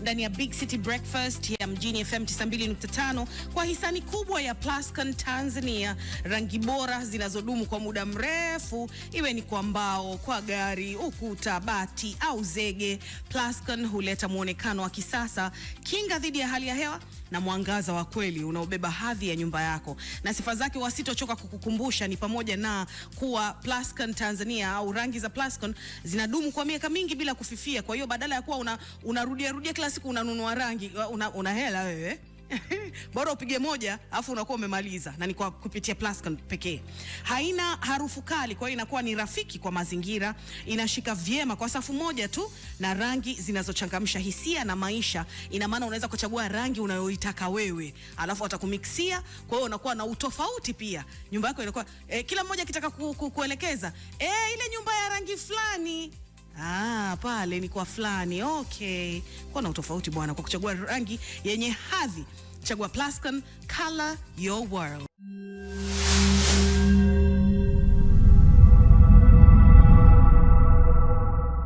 ndani ya Big City Breakfast ya Mjini FM 92.5 kwa hisani kubwa ya Plascon Tanzania, rangi bora zinazodumu kwa muda mrefu, iwe ni kwa mbao, kwa gari, ukuta, bati au zege. Plascon huleta mwonekano wa kisasa, kinga dhidi ya hali ya hewa na mwangaza wa kweli unaobeba hadhi ya nyumba yako. Na sifa zake wasitochoka kukukumbusha ni pamoja na kuwa Plascon Tanzania au rangi za Plascon zinadumu kwa miaka mingi bila kufifia. Kwa hiyo badala ya kuwa unarudia una, unarudia kila siku unanunua rangi, una, una hela wewe bora upige moja afu unakuwa umemaliza, na ni kwa kupitia Plascan pekee. Haina harufu kali, kwa hiyo inakuwa ni rafiki kwa mazingira, inashika vyema kwa safu moja tu na rangi zinazochangamsha hisia na maisha. Ina maana unaweza kuchagua rangi unayoitaka wewe, alafu atakumixia, kwa hiyo unakuwa na utofauti pia. Nyumba yako inakuwa eh, kila mmoja akitaka ku, ku, kuelekeza eh, ile nyumba ya rangi fulani Ah, pale ni kwa fulani. Okay, na utofauti bwana kwa kuchagua rangi yenye hadhi. Chagua Plascon, color your world.